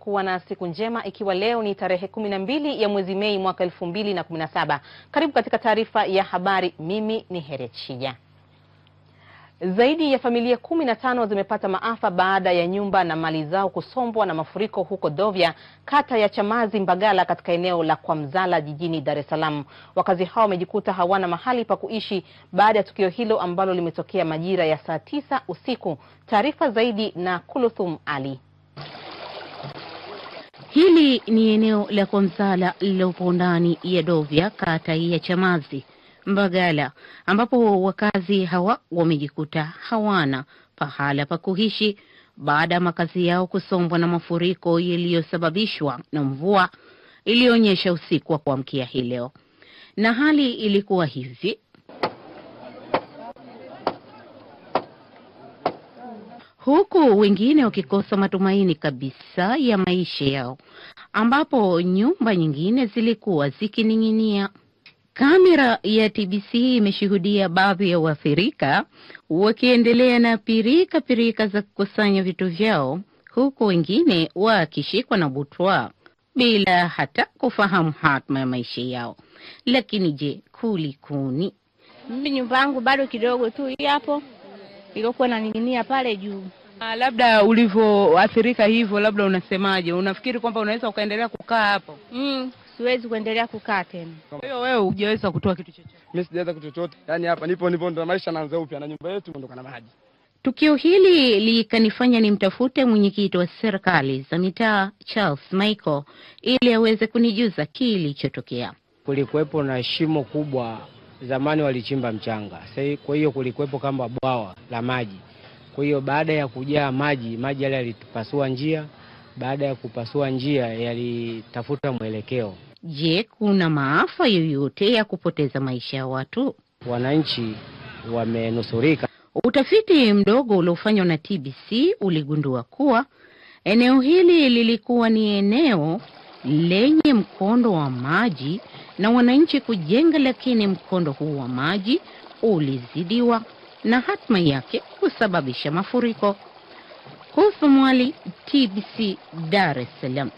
Kuwa na siku njema ikiwa leo ni tarehe kumi na mbili ya mwezi Mei mwaka elfu mbili na kumi na saba. Karibu katika taarifa ya habari, mimi ni Heret Shija. Zaidi ya familia kumi na tano zimepata maafa baada ya nyumba na mali zao kusombwa na mafuriko huko Dovya, kata ya Chamazi Mbagala, katika eneo la Kwamzala jijini Dar es Salaam. Wakazi hao wamejikuta hawana mahali pa kuishi baada ya tukio hilo ambalo limetokea majira ya saa tisa usiku. Taarifa zaidi na Kuluthum Ali. Hili ni eneo la Konsala lilopo ndani ya Dovya, kata ya Chamazi, Mbagala, ambapo wakazi hawa wamejikuta hawana pahala pa kuishi baada ya makazi yao kusombwa na mafuriko yaliyosababishwa na mvua iliyoonyesha usiku wa kuamkia hii leo, na hali ilikuwa hivi huku wengine wakikosa matumaini kabisa ya maisha yao, ambapo nyumba nyingine zilikuwa zikining'inia. Kamera ya TBC imeshuhudia baadhi ya waathirika wakiendelea na pirika pirika za kukusanya vitu vyao, huku wengine wakishikwa na butwa bila hata kufahamu hatma ya maisha yao. Lakini je, kulikuni? Mimi nyumba yangu bado kidogo tu hapo iliyokuwa inaning'inia pale juu. Ah, labda ulivyoathirika hivyo, labda unasemaje? Unafikiri kwamba unaweza ukaendelea kukaa hapo? Mm, siwezi kuendelea kukaa tena. Kwa hiyo wewe hujaweza kutoa kitu chochote? Mimi sijaweza kitu chochote, yaani hapa nipo nipo, ndo maisha naanza upya na nyumba yetu ndo kana maji. Tukio hili likanifanya nimtafute mwenyekiti wa serikali za mitaa Charles Michael ili aweze kunijuza kilichotokea. Kulikuwepo na shimo kubwa zamani walichimba mchanga. Sasa kwa hiyo kulikuwepo kama bwawa la maji, kwa hiyo baada ya kujaa maji, maji yale yalitupasua njia, baada ya kupasua njia yalitafuta mwelekeo. Je, kuna maafa yoyote ya kupoteza maisha ya watu? Wananchi wamenusurika. Utafiti mdogo uliofanywa na TBC uligundua kuwa eneo hili lilikuwa ni eneo lenye mkondo wa maji na wananchi kujenga, lakini mkondo huu wa maji ulizidiwa na hatma yake kusababisha mafuriko. Kuhusu Mwali, TBC, Dar es Salaam.